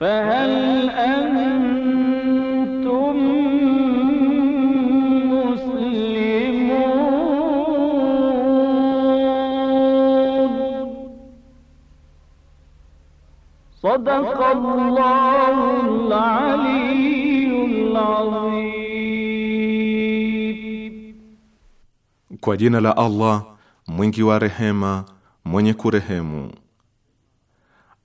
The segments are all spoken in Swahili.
فهل أنتم مسلمون صدق الله العلي العظيم كو جينا لا الله مونكي ورحمة مونيكو كرهمو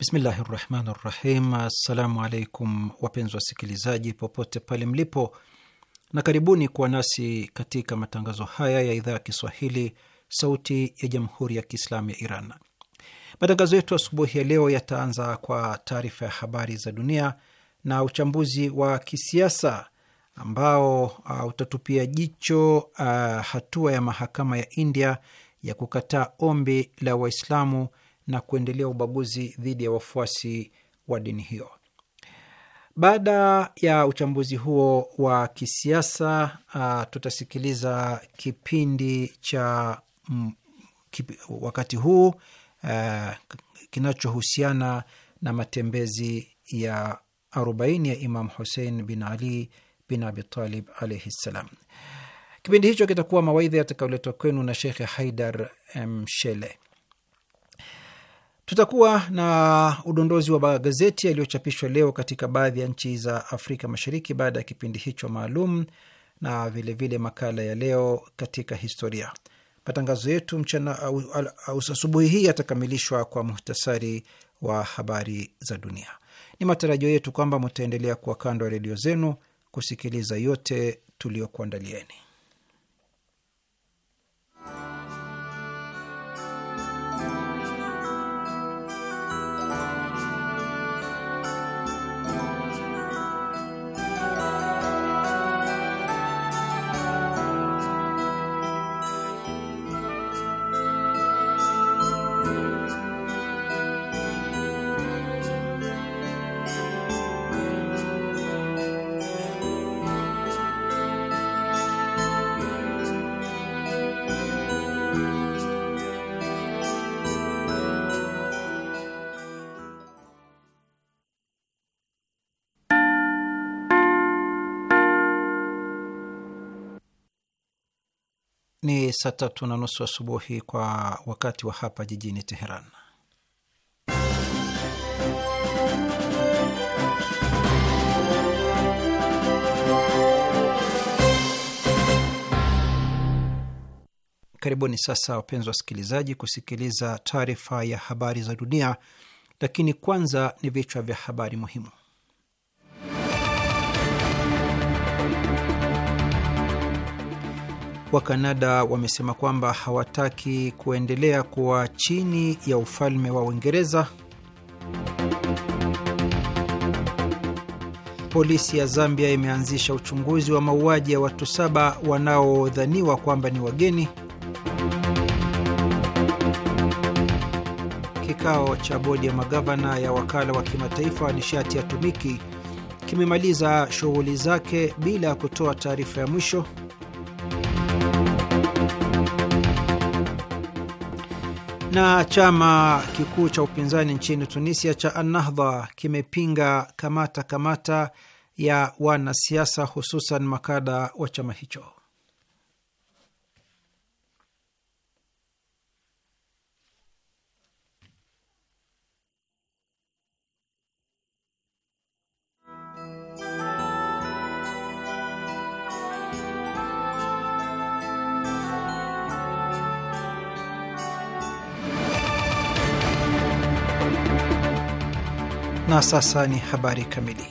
Bismillahi rahmani rahim. Assalamu alaikum wapenzi wasikilizaji popote pale mlipo, na karibuni kuwa nasi katika matangazo haya ya idhaa ya Kiswahili sauti ya jamhuri ya Kiislamu ya Iran. Matangazo yetu asubuhi ya leo yataanza kwa taarifa ya habari za dunia na uchambuzi wa kisiasa ambao uh, utatupia jicho uh, hatua ya mahakama ya India ya kukataa ombi la Waislamu na kuendelea ubaguzi dhidi ya wafuasi wa dini hiyo. Baada ya uchambuzi huo wa kisiasa uh, tutasikiliza kipindi cha mm, kip, wakati huu uh, kinachohusiana na matembezi ya arobaini ya Imam Husein bin Ali bin Abitalib alaihi ssalam. Kipindi hicho kitakuwa mawaidha yatakayoletwa kwenu na Shekhe Haidar Mshele. Tutakuwa na udondozi wa magazeti yaliyochapishwa leo katika baadhi ya nchi za Afrika Mashariki baada ya kipindi hicho maalum na vilevile vile makala ya leo katika historia. Matangazo yetu mchana asubuhi hii yatakamilishwa kwa muhtasari wa habari za dunia. Ni matarajio yetu kwamba mtaendelea kuwa kando ya redio zenu kusikiliza yote tuliyokuandalieni. Ni saa tatu na nusu asubuhi wa kwa wakati wa hapa jijini Teheran. Karibuni sasa, wapenzi wasikilizaji, kusikiliza taarifa ya habari za dunia, lakini kwanza ni vichwa vya habari muhimu. Wakanada wamesema kwamba hawataki kuendelea kuwa chini ya ufalme wa Uingereza. Polisi ya Zambia imeanzisha uchunguzi wa mauaji ya watu saba wanaodhaniwa kwamba ni wageni. Kikao cha bodi ya magavana ya wakala wa kimataifa wa nishati ya tumiki kimemaliza shughuli zake bila ya kutoa taarifa ya mwisho. Na chama kikuu cha upinzani nchini Tunisia cha Annahdha kimepinga kamata kamata ya wanasiasa hususan makada wa chama hicho. Na sasa ni habari kamili.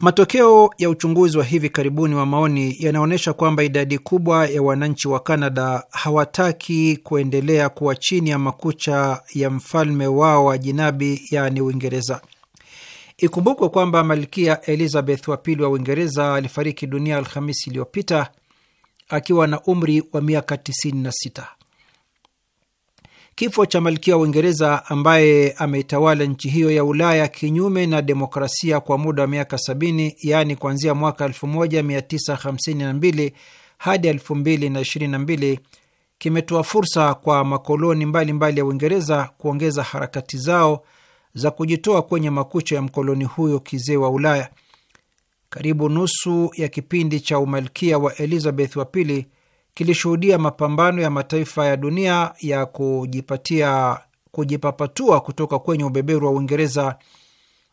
Matokeo ya uchunguzi wa hivi karibuni wa maoni yanaonyesha kwamba idadi kubwa ya wananchi wa Kanada hawataki kuendelea kuwa chini ya makucha ya mfalme wao wa jinabi, yaani Uingereza. Ikumbukwe kwamba Malkia Elizabeth wa pili wa Uingereza alifariki dunia Alhamisi iliyopita akiwa na umri wa miaka 96. Kifo cha malkia wa Uingereza ambaye ametawala nchi hiyo ya Ulaya kinyume na demokrasia kwa muda wa miaka 70 yaani kuanzia mwaka 1952 hadi 2022 kimetoa fursa kwa makoloni mbalimbali mbali ya Uingereza kuongeza harakati zao za kujitoa kwenye makucha ya mkoloni huyo kizee wa Ulaya. Karibu nusu ya kipindi cha umalkia wa Elizabeth wa pili kilishuhudia mapambano ya mataifa ya dunia ya kujipatia kujipapatua kutoka kwenye ubeberu wa Uingereza,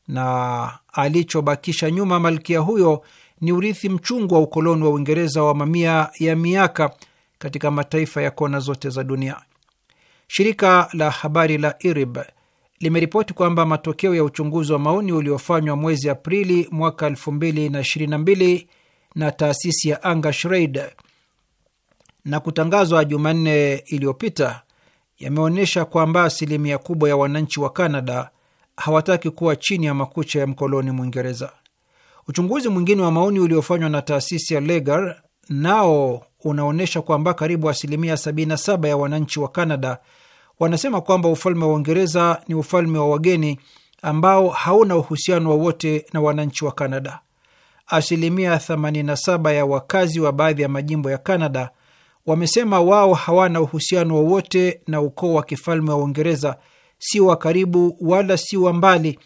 na alichobakisha nyuma malkia huyo ni urithi mchungu wa ukoloni wa Uingereza wa mamia ya miaka katika mataifa ya kona zote za dunia. Shirika la habari la IRIB limeripoti kwamba matokeo ya uchunguzi wa maoni uliofanywa mwezi Aprili mwaka 2022 na taasisi ya Anga na kutangazwa Jumanne iliyopita yameonyesha kwamba asilimia kubwa ya wananchi wa Kanada hawataki kuwa chini ya makucha ya mkoloni Mwingereza. Uchunguzi mwingine wa maoni uliofanywa na taasisi ya Legar nao unaonyesha kwamba karibu asilimia 77 ya wananchi wa Kanada wanasema kwamba ufalme wa Uingereza ni ufalme wa wageni ambao hauna uhusiano wowote na wananchi wa Kanada. Asilimia 87 ya wakazi wa baadhi ya majimbo ya Kanada wamesema wao hawana uhusiano wowote na ukoo wa kifalme wa Uingereza, si wa karibu wala si wa mbali,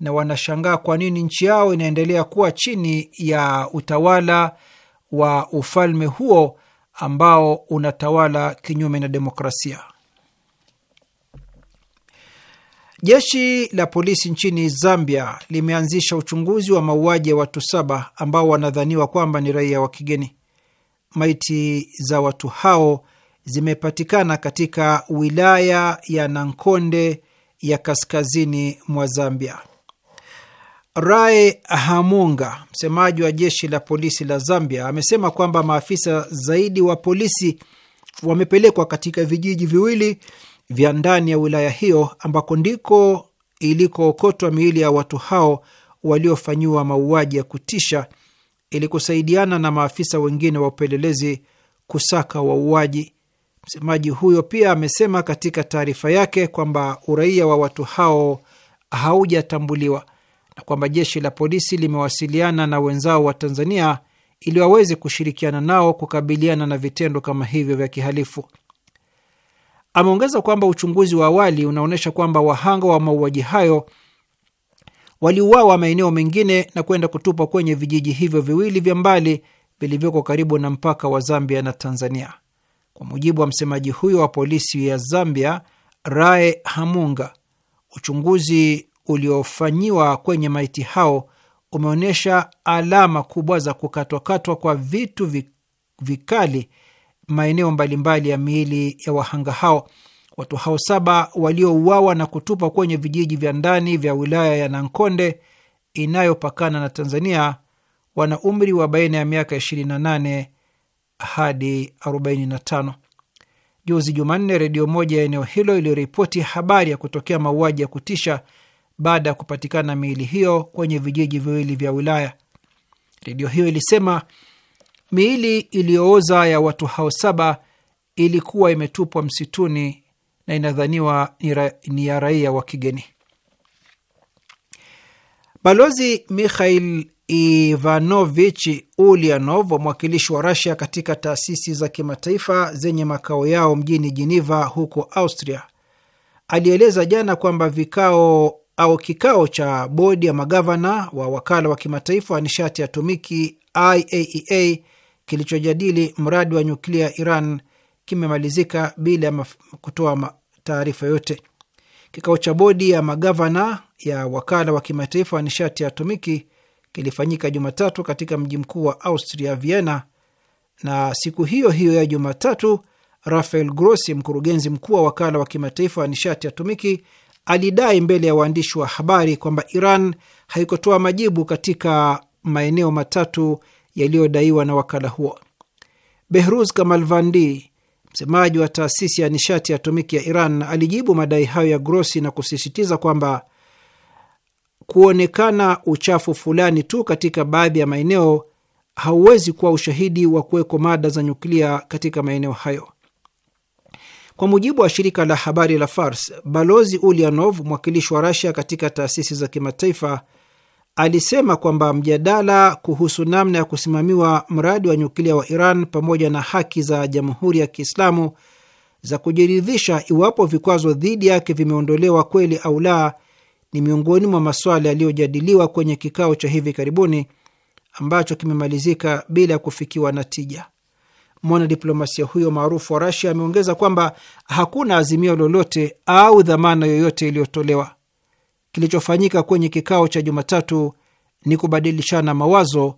na wanashangaa kwa nini nchi yao inaendelea kuwa chini ya utawala wa ufalme huo ambao unatawala kinyume na demokrasia. Jeshi la polisi nchini Zambia limeanzisha uchunguzi wa mauaji ya watu saba ambao wanadhaniwa kwamba ni raia wa kigeni maiti za watu hao zimepatikana katika wilaya ya Nankonde ya kaskazini mwa Zambia. Rai Hamunga, msemaji wa jeshi la polisi la Zambia, amesema kwamba maafisa zaidi wa polisi wamepelekwa katika vijiji viwili vya ndani ya wilaya hiyo ambako ndiko ilikookotwa miili ya watu hao waliofanyiwa mauaji ya kutisha ili kusaidiana na maafisa wengine wa upelelezi kusaka wauaji. Msemaji huyo pia amesema katika taarifa yake kwamba uraia wa watu hao haujatambuliwa na kwamba jeshi la polisi limewasiliana na wenzao wa Tanzania ili waweze kushirikiana nao kukabiliana na vitendo kama hivyo vya kihalifu. Ameongeza kwamba uchunguzi wa awali unaonyesha kwamba wahanga wa mauaji hayo waliuawa maeneo mengine na kwenda kutupwa kwenye vijiji hivyo viwili vya mbali vilivyoko karibu na mpaka wa Zambia na Tanzania. Kwa mujibu wa msemaji huyo wa polisi ya Zambia, Rae Hamunga, uchunguzi uliofanyiwa kwenye maiti hao umeonyesha alama kubwa za kukatwakatwa kwa vitu vikali maeneo mbalimbali ya miili ya wahanga hao Watu hao saba waliouawa na kutupwa kwenye vijiji vya ndani vya wilaya ya Nankonde inayopakana na Tanzania wana umri wa baina ya miaka 28 hadi 45. Juzi Jumanne, redio moja ya eneo hilo iliripoti habari ya kutokea mauaji ya kutisha baada ya kupatikana miili hiyo kwenye vijiji viwili vya wilaya. Redio hiyo ilisema miili iliyooza ya watu hao saba ilikuwa imetupwa msituni na inadhaniwa ni ya raia wa kigeni. Balozi Mikhail Ivanovich Ulianov, mwakilishi wa Rasia katika taasisi za kimataifa zenye makao yao mjini Jeneva huko Austria, alieleza jana kwamba vikao au kikao cha bodi ya magavana wa wakala wa kimataifa wa nishati ya atomiki IAEA e kilichojadili mradi wa nyuklia Iran kimemalizika bila ya kutoa taarifa yote. Kikao cha bodi ya magavana ya wakala wa kimataifa wa nishati ya atomiki kilifanyika Jumatatu katika mji mkuu wa Austria, Vienna, na siku hiyo hiyo ya Jumatatu, Rafael Grossi, mkurugenzi mkuu wa wakala wa kimataifa wa nishati ya atomiki, alidai mbele ya waandishi wa habari kwamba Iran haikutoa majibu katika maeneo matatu yaliyodaiwa na wakala huo. Behruz Kamalvandi, Msemaji wa taasisi ya nishati ya atomiki ya Iran alijibu madai hayo ya Grossi na kusisitiza kwamba kuonekana uchafu fulani tu katika baadhi ya maeneo hauwezi kuwa ushahidi wa kuwekwa mada za nyuklia katika maeneo hayo. Kwa mujibu wa shirika la habari la Fars, balozi Ulianov, mwakilishi wa Rasia katika taasisi za kimataifa, alisema kwamba mjadala kuhusu namna ya kusimamiwa mradi wa nyuklia wa Iran pamoja na haki za Jamhuri ya Kiislamu za kujiridhisha iwapo vikwazo dhidi yake vimeondolewa kweli au la ni miongoni mwa masuala yaliyojadiliwa kwenye kikao cha hivi karibuni ambacho kimemalizika bila ya kufikiwa na tija. Mwanadiplomasia huyo maarufu wa Rasia ameongeza kwamba hakuna azimio lolote au dhamana yoyote iliyotolewa kilichofanyika kwenye kikao cha Jumatatu ni kubadilishana mawazo,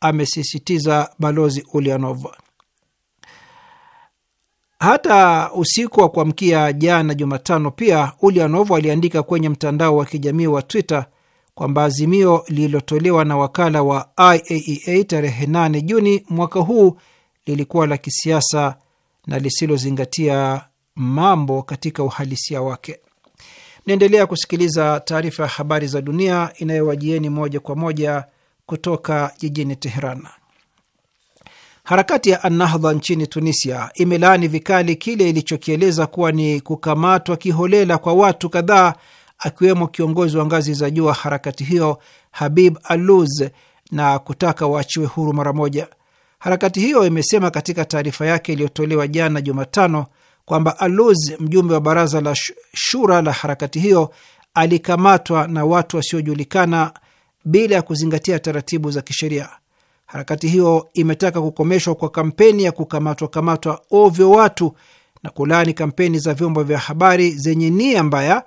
amesisitiza balozi Ulianov. Hata usiku wa kuamkia jana Jumatano, pia Ulianov aliandika kwenye mtandao wa kijamii wa Twitter kwamba azimio lililotolewa na wakala wa IAEA e tarehe 8 Juni mwaka huu lilikuwa la kisiasa na lisilozingatia mambo katika uhalisia wake. Naendelea kusikiliza taarifa ya habari za dunia inayowajieni moja kwa moja kutoka jijini Teheran. Harakati ya Annahdha nchini Tunisia imelaani vikali kile ilichokieleza kuwa ni kukamatwa kiholela kwa watu kadhaa akiwemo kiongozi wa ngazi za juu wa harakati hiyo Habib Aluz na kutaka waachiwe huru mara moja. Harakati hiyo imesema katika taarifa yake iliyotolewa jana Jumatano kwamba aluz mjumbe wa baraza la shura la harakati hiyo, alikamatwa na watu wasiojulikana bila ya kuzingatia taratibu za kisheria. Harakati hiyo imetaka kukomeshwa kwa kampeni ya kukamatwa kamatwa ovyo watu na kulaani kampeni za vyombo vya habari zenye nia mbaya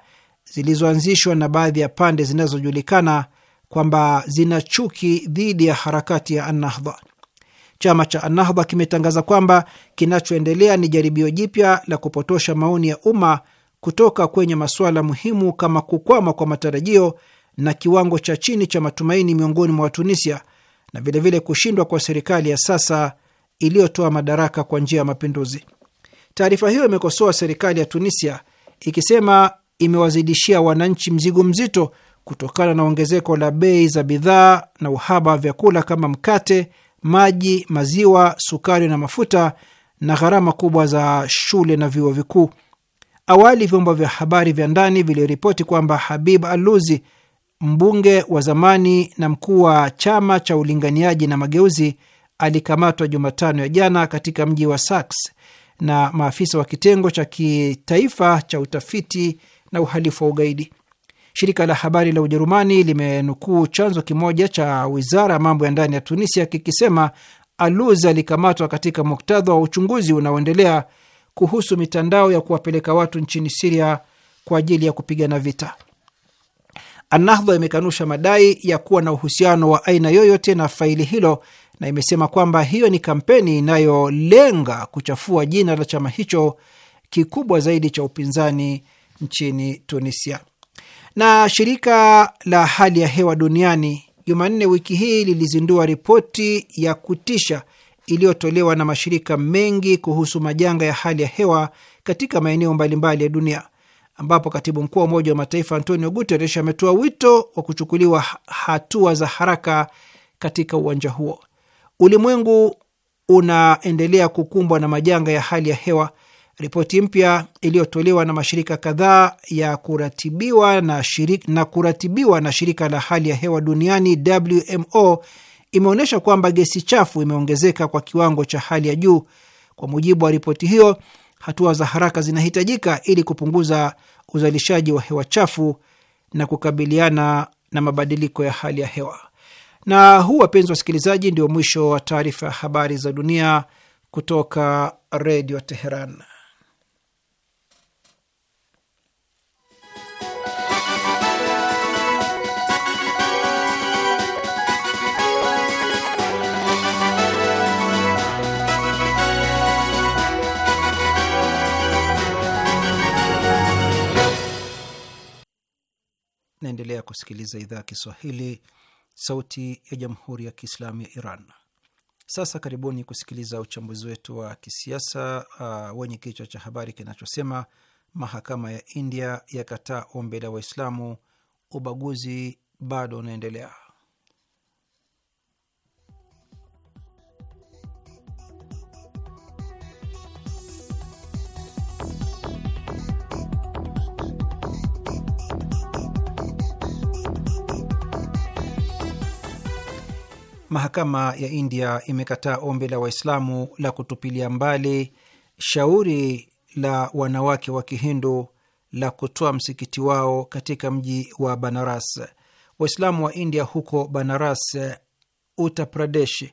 zilizoanzishwa na baadhi ya pande zinazojulikana kwamba zina chuki dhidi ya harakati ya Annahdha. Chama cha Annahda kimetangaza kwamba kinachoendelea ni jaribio jipya la kupotosha maoni ya umma kutoka kwenye masuala muhimu kama kukwama kwa matarajio na kiwango cha chini cha matumaini miongoni mwa Watunisia na vilevile kushindwa kwa serikali ya sasa iliyotoa madaraka kwa njia ya mapinduzi. Taarifa hiyo imekosoa serikali ya Tunisia ikisema imewazidishia wananchi mzigo mzito kutokana na ongezeko la bei za bidhaa na uhaba wa vyakula kama mkate, maji, maziwa, sukari na mafuta na gharama kubwa za shule na vyuo vikuu. Awali vyombo vya habari vya ndani viliripoti kwamba Habib Aluzi, mbunge wa zamani na mkuu wa chama cha ulinganiaji na mageuzi, alikamatwa Jumatano ya jana katika mji wa Saks na maafisa wa kitengo cha kitaifa cha utafiti na uhalifu wa ugaidi. Shirika la habari la Ujerumani limenukuu chanzo kimoja cha wizara ya mambo ya ndani ya Tunisia kikisema Aluz alikamatwa katika muktadha wa uchunguzi unaoendelea kuhusu mitandao ya kuwapeleka watu nchini Siria kwa ajili ya kupigana vita. Anahdha imekanusha madai ya kuwa na uhusiano wa aina yoyote na faili hilo na imesema kwamba hiyo ni kampeni inayolenga kuchafua jina la chama hicho kikubwa zaidi cha upinzani nchini Tunisia. Na shirika la hali ya hewa duniani Jumanne wiki hii lilizindua ripoti ya kutisha iliyotolewa na mashirika mengi kuhusu majanga ya hali ya hewa katika maeneo mbalimbali ya dunia ambapo katibu mkuu wa Umoja wa Mataifa Antonio Guterres ametoa wito wa kuchukuliwa hatua za haraka katika uwanja huo. Ulimwengu unaendelea kukumbwa na majanga ya hali ya hewa Ripoti mpya iliyotolewa na mashirika kadhaa ya kuratibiwa na, shirika, na kuratibiwa na shirika la hali ya hewa duniani WMO imeonyesha kwamba gesi chafu imeongezeka kwa kiwango cha hali ya juu. Kwa mujibu wa ripoti hiyo, hatua za haraka zinahitajika ili kupunguza uzalishaji wa hewa chafu na kukabiliana na mabadiliko ya hali ya hewa. Na huu, wapenzi wasikilizaji, ndio mwisho wa taarifa ya habari za dunia kutoka Redio Teheran. Naendelea kusikiliza idhaa ya Kiswahili, sauti ya jamhuri ya kiislamu ya Iran. Sasa karibuni kusikiliza uchambuzi wetu wa kisiasa uh, wenye kichwa cha habari kinachosema mahakama ya India yakataa ombi la Waislamu, ubaguzi bado unaendelea. mahakama ya India imekataa ombi la Waislamu la kutupilia mbali shauri la wanawake wa Kihindu la kutoa msikiti wao katika mji wa Banaras. Waislamu wa India huko Banaras, Uttar Pradesh,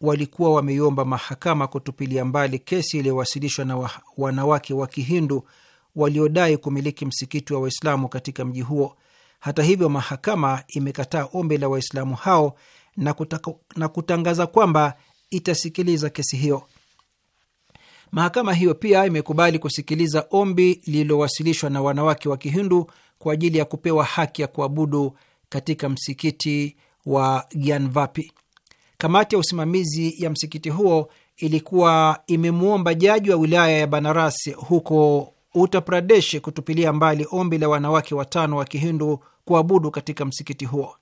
walikuwa wameiomba mahakama kutupilia mbali kesi iliyowasilishwa na wanawake wa Kihindu waliodai kumiliki msikiti wa Waislamu katika mji huo. Hata hivyo, mahakama imekataa ombi la Waislamu hao na, kutaka, na kutangaza kwamba itasikiliza kesi hiyo. Mahakama hiyo pia imekubali kusikiliza ombi lililowasilishwa na wanawake wa Kihindu kwa ajili ya kupewa haki ya kuabudu katika msikiti wa Gianvapi. Kamati ya usimamizi ya msikiti huo ilikuwa imemwomba jaji wa wilaya ya Banaras huko Uttar Pradesh kutupilia mbali ombi la wanawake watano wa Kihindu kuabudu katika msikiti huo.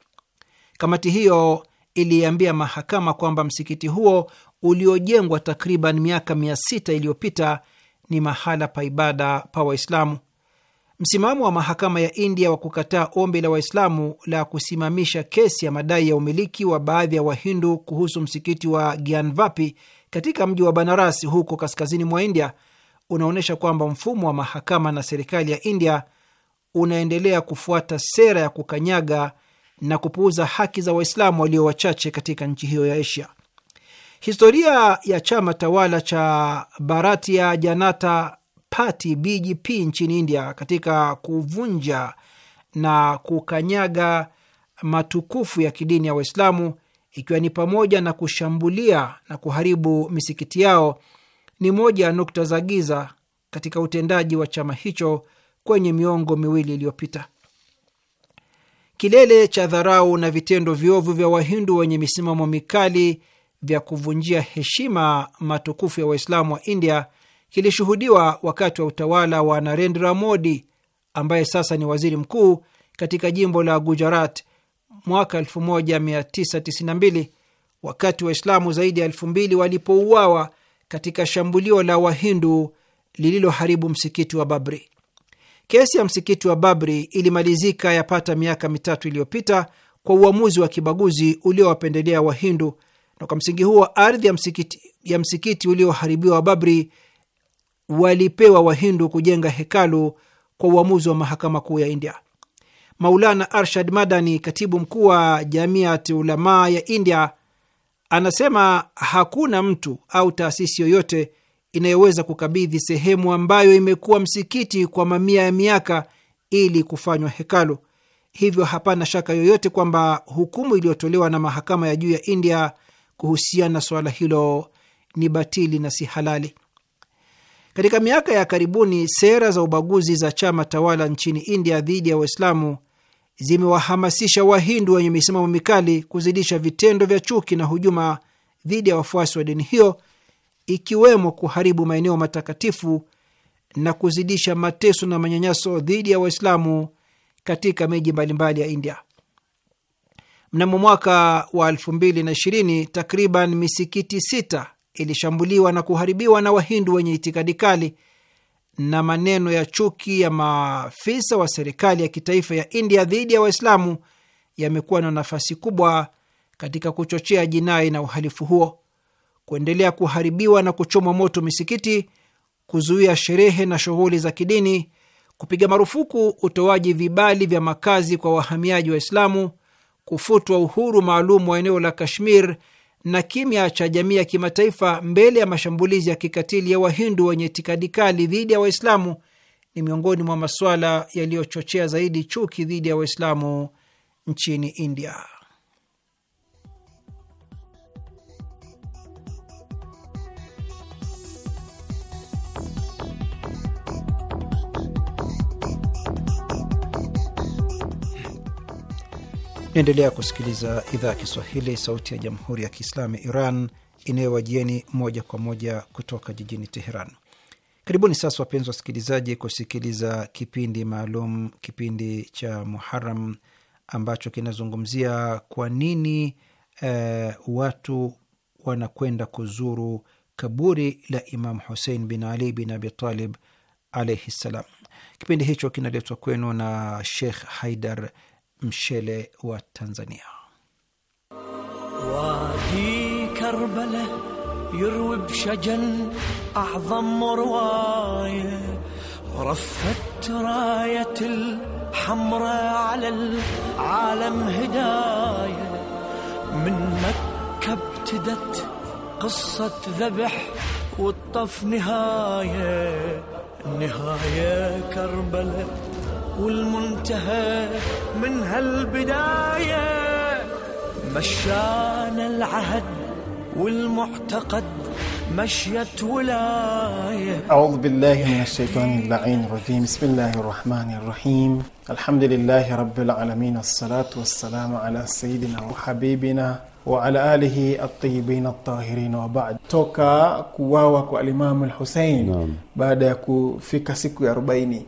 Kamati hiyo iliambia mahakama kwamba msikiti huo uliojengwa takriban miaka mia sita iliyopita ni mahala pa ibada pa Waislamu. Msimamo wa mahakama ya India wa kukataa ombi la Waislamu la kusimamisha kesi ya madai ya umiliki wa baadhi ya Wahindu kuhusu msikiti wa Gianvapi katika mji wa Banaras huko kaskazini mwa India unaonyesha kwamba mfumo wa mahakama na serikali ya India unaendelea kufuata sera ya kukanyaga na kupuuza haki za Waislamu walio wachache katika nchi hiyo ya Asia. Historia ya chama tawala cha Bharatiya Janata Party BJP nchini India katika kuvunja na kukanyaga matukufu ya kidini ya Waislamu ikiwa ni pamoja na kushambulia na kuharibu misikiti yao ni moja ya nukta za giza katika utendaji wa chama hicho kwenye miongo miwili iliyopita. Kilele cha dharau na vitendo viovu vya Wahindu wenye misimamo mikali vya kuvunjia heshima matukufu ya Waislamu wa India kilishuhudiwa wakati wa utawala wa Narendra Modi ambaye sasa ni waziri mkuu katika jimbo la Gujarat mwaka 1992 wakati Waislamu zaidi ya elfu mbili walipouawa katika shambulio la Wahindu lililoharibu msikiti wa Babri. Kesi ya msikiti wa Babri ilimalizika yapata miaka mitatu iliyopita kwa uamuzi wa kibaguzi uliowapendelea Wahindu, na kwa msingi huo ardhi ya msikiti, ya msikiti ulioharibiwa wa Babri walipewa Wahindu kujenga hekalu kwa uamuzi wa mahakama kuu ya India. Maulana Arshad Madani, katibu mkuu wa Jamiat Ulamaa ya India, anasema hakuna mtu au taasisi yoyote inayoweza kukabidhi sehemu ambayo imekuwa msikiti kwa mamia ya miaka ili kufanywa hekalu. Hivyo hapana shaka yoyote kwamba hukumu iliyotolewa na mahakama ya juu ya India kuhusiana na suala hilo ni batili na si halali. Katika miaka ya karibuni, sera za ubaguzi za chama tawala nchini India dhidi ya Waislamu zimewahamasisha Wahindu wenye misimamo mikali kuzidisha vitendo vya chuki na hujuma dhidi ya wafuasi wa dini hiyo ikiwemo kuharibu maeneo matakatifu na kuzidisha mateso na manyanyaso dhidi ya Waislamu katika miji mbalimbali ya India. Mnamo mwaka wa 2020 takriban misikiti sita ilishambuliwa na kuharibiwa na Wahindu wenye itikadi kali, na maneno ya chuki ya maafisa wa serikali ya kitaifa ya India dhidi ya Waislamu yamekuwa na nafasi kubwa katika kuchochea jinai na uhalifu huo kuendelea kuharibiwa na kuchomwa moto misikiti, kuzuia sherehe na shughuli za kidini, kupiga marufuku utoaji vibali vya makazi kwa wahamiaji Waislamu, kufutwa uhuru maalum wa eneo la Kashmir na kimya cha jamii ya kimataifa mbele ya mashambulizi ya kikatili ya Wahindu wenye itikadi kali dhidi ya Waislamu ni miongoni mwa masuala yaliyochochea zaidi chuki dhidi ya Waislamu nchini India. Naendelea kusikiliza idhaa ya Kiswahili, sauti ya jamhuri ya kiislamu Iran inayowajieni moja kwa moja kutoka jijini Teheran. Karibuni sasa wapenzi wasikilizaji, kusikiliza kipindi maalum, kipindi cha Muharam ambacho kinazungumzia kwa nini eh, watu wanakwenda kuzuru kaburi la Imam Husein bin Ali bin Abitalib alaihi ssalam. Kipindi hicho kinaletwa kwenu na Sheikh Haidar مشيلي wa Tanzania. Wadi Karbala yurwi أعظم a'zam رفت راية الحمراء على العالم هداية من مكة ابتدت قصة ذبح والطف نهاية نهاية كربلة والمنتهى من هالبداية مشانا العهد والمعتقد مشيت ولاية أعوذ بالله من الشيطان اللعين الرجيم بسم الله الرحمن الرحيم الحمد لله رب العالمين الصلاة والسلام على سيدنا وحبيبنا وعلى آله الطيبين الطاهرين وبعد توكا kuwawa kwa الإمام الحسين naam. baada ya kufika siku ya arobaini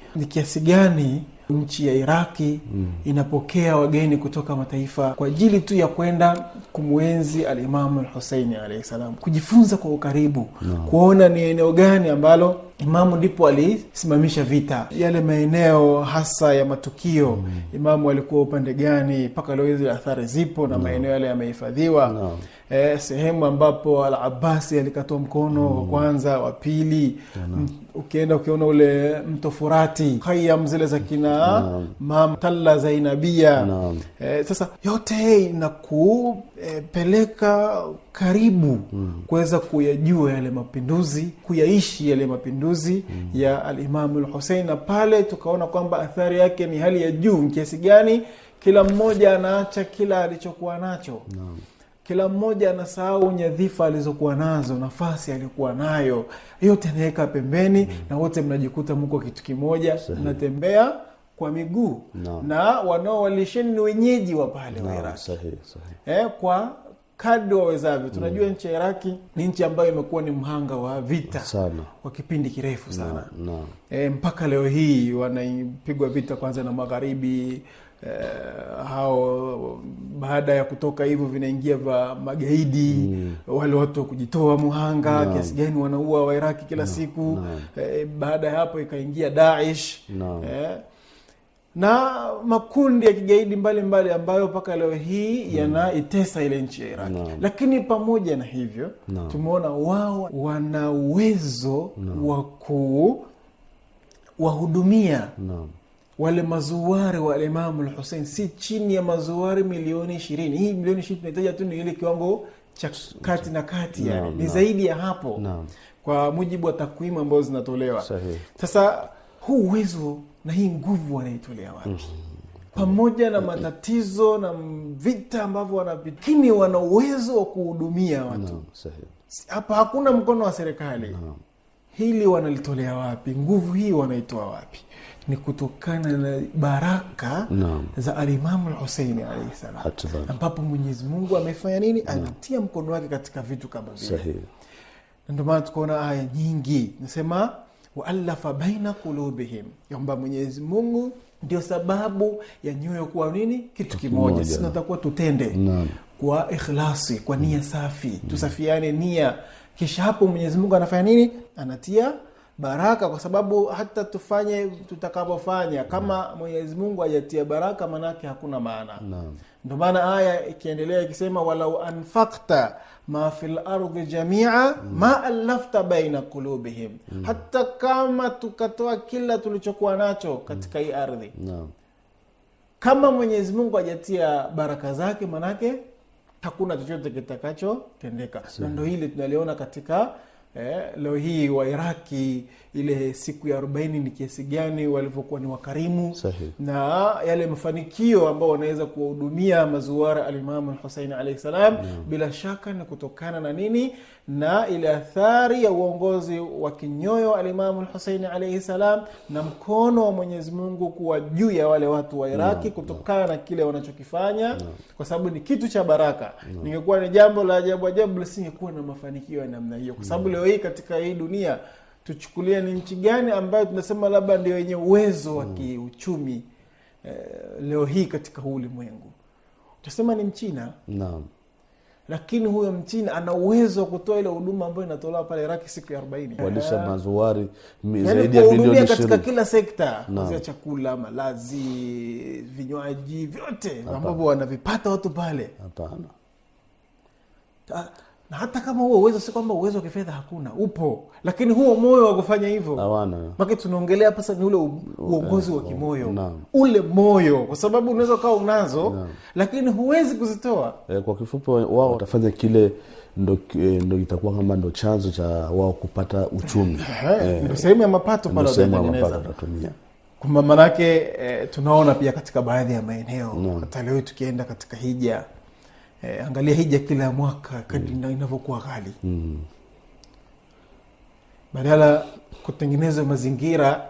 nchi ya Iraki mm. inapokea wageni kutoka mataifa kwa ajili tu ya kwenda kumwenzi alimamu lhuseini alahi salam, kujifunza kwa ukaribu no. kuona ni eneo gani ambalo Imamu ndipo alisimamisha vita, yale maeneo hasa ya matukio mm. Imamu alikuwa upande gani, mpaka leo athari zipo na no. maeneo yale yamehifadhiwa no eh, sehemu ambapo Al Abasi alikatwa mkono wa mm. kwanza wa pili mm, ukienda ukiona ule mto Furati, khayam zile za kina mam Talla Zainabia eh, sasa yote na kupeleka karibu mm. kuweza kuyajua yale mapinduzi, kuyaishi yale mapinduzi mm. ya Alimamu Lhusein, na pale tukaona kwamba athari yake ni hali ya juu kiasi gani, kila mmoja anaacha kila alichokuwa nacho no. Kila mmoja anasahau nyadhifa alizokuwa nazo, nafasi aliyokuwa nayo, yote anaweka pembeni mm. na wote mnajikuta mko kitu kimoja, mnatembea kwa miguu no. na wanaowalisheni ni wenyeji wa pale no, Wairaki sahi, sahi. Eh, kwa kadi wawezavyo. Tunajua mm. nchi ya Iraki ni nchi ambayo imekuwa ni mhanga wa vita sana kwa kipindi kirefu sana no, no. Eh, e, mpaka leo hii wanapigwa vita kwanza na magharibi Uh, hao baada ya kutoka hivyo vinaingia vya magaidi mm. wale watu wa kujitoa muhanga no. kiasi gani wanaua Wairaki kila no. siku no. Eh, baada ya hapo ikaingia daish no. eh, na makundi ya kigaidi mbalimbali mbali ambayo mpaka leo hii mm. yanaitesa ile nchi ya Iraki no. Lakini pamoja na hivyo no. tumeona wao wana uwezo no. wa kuwahudumia no wale mazuwari wa Alimamu Lhusein si chini ya mazuwari milioni ishirini. Hii milioni ishirini tunahitaja tu ni ile kiwango cha kati na kati no, no. ni zaidi ya hapo no. kwa mujibu wa takwimu ambazo zinatolewa Sasa huu uwezo na hii nguvu wanaitolea wapi? mm-hmm pamoja na matatizo na vita ambavyo wanapitia, wana uwezo wa kuhudumia watu hapa. Hakuna mkono wa serikali no. Hili wanalitolea wapi? Nguvu hii wanaitoa wapi? ni kutokana na baraka no. za Alimamu Lhuseini alaihi salam, ambapo mwenyezimungu amefanya nini? No. Ametia mkono wake katika vitu kama vile, ndio maana tukaona aya nyingi nasema waalafa baina kulubihim, kwamba mwenyezimungu ndio sababu ya nyoyo kuwa nini, kitu kimoja. Sisi natakuwa tutende no. kwa ikhlasi, kwa nia safi, no. Mm. tusafiane nia, kisha hapo mwenyezimungu anafanya nini? Anatia baraka, kwa sababu hata tufanye tutakapofanya, kama Mwenyezi Mungu baraka, maanake hakuna maana. Ndio maana aya ikiendelea ikisema, walau anfakta ma fi lardi jamia ma alafta baina kulubihim, mm. hata kama tukatoa kila tulichokuwa nacho katika hii ardhi, kama Mwenyezi Mungu baraka zake, manake hakuna chochote kitakachotendeka. Na ndo hili tunaliona katika eh, leo hii Wairaki ile siku ya arobaini ni kiasi gani walivyokuwa ni wakarimu Sahi. na yale mafanikio ambao wanaweza kuwahudumia mazuara alimamu Husein alaihi salam mm. bila shaka ni kutokana na nini na ile athari ya uongozi wa kinyoyo alimamu Husein alaihi salam na mkono wa Mwenyezi Mungu kuwa juu ya wale watu wa Iraki no, kutokana no. na kile wanachokifanya no. kwa sababu ni kitu cha baraka no. ningekuwa ni jambo la ajabu ajabu lisingekuwa na mafanikio ya namna hiyo kwa sababu no. leo hii katika hii dunia tuchukulie ni nchi gani ambayo tunasema labda ndio yenye uwezo wa mm. kiuchumi eh, leo hii katika huu ulimwengu utasema ni mchina na. lakini huyo mchina ana uwezo wa kutoa ile huduma ambayo inatolewa pale Iraki siku ya arobaini mazuari yaani zaidi ya katika kila sekta kuzia chakula, malazi, vinywaji vyote ambavyo wanavipata watu pale. Hapana, na hata kama huo uwezo si kwamba uwezo wa kifedha hakuna upo lakini huo moyo wa kufanya hivyo make tunaongelea pasa ni ule uongozi wa kimoyo na. ule moyo kwa sababu unaweza ukawa unazo na. lakini huwezi kuzitoa e, kwa kifupi wao watafanya kile ndo, e, ndo itakuwa kama ndo chanzo cha wao kupata uchumi e, ndo sehemu ya mapato pale kwamba manake e, tunaona pia katika baadhi ya maeneo hata leo tukienda katika hija eh, angalia hija kila mwaka kadi mm. inavyokuwa ghali mm. badala kutengeneza mazingira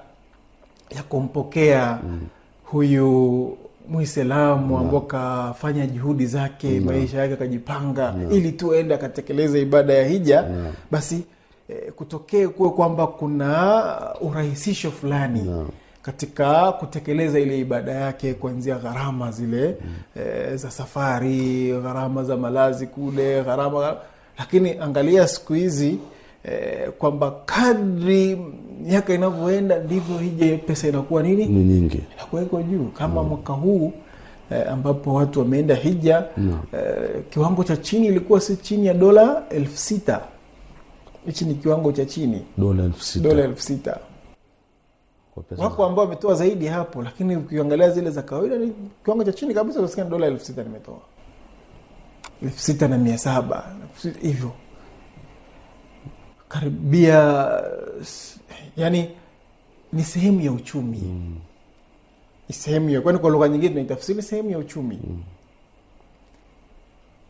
ya kumpokea mm. huyu mwislamu no. ambao kafanya juhudi zake no. maisha yake akajipanga ili tu aende akatekeleza ibada ya hija no. basi eh, kutokee kuwe kwamba kuna urahisisho fulani no katika kutekeleza ile ibada yake kuanzia gharama zile mm. e, za safari gharama za malazi kule gharama, lakini angalia siku hizi e, kwamba kadri miaka inavyoenda ndivyo hije pesa inakuwa nini ni nyingi inakuwa juu kama mm. mwaka huu e, ambapo watu wameenda hija no. e, kiwango cha chini ilikuwa si chini ya dola elfu sita hichi ni kiwango cha chini dola elfu sita wako ambao wametoa zaidi hapo, lakini ukiangalia zile za kawaida ni kiwango cha chini kabisa. Utasikia dola elfu sita nimetoa elfu sita na mia saba hivyo karibia, yani ni sehemu ya uchumi mm. sehemu ya kwani, kwa lugha nyingine tunaitafsiri sehemu ya uchumi mm.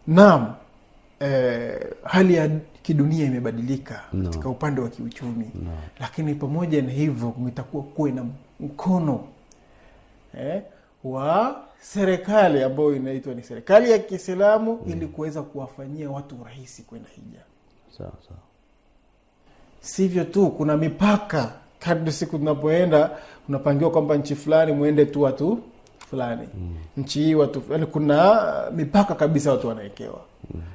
Naam, eh, hali ya kidunia imebadilika no. katika upande wa kiuchumi no. Lakini pamoja na hivyo kumetakuwa kuwe na mkono eh, wa serikali ambayo inaitwa ni serikali ya Kiislamu mm. ili kuweza kuwafanyia watu rahisi kwenda hija sawa sawa. Sivyo tu kuna mipaka, kadri siku tunapoenda unapangiwa kwamba nchi fulani mwende tu watu fulani mm. nchi hii watu, yani kuna mipaka kabisa watu wanawekewa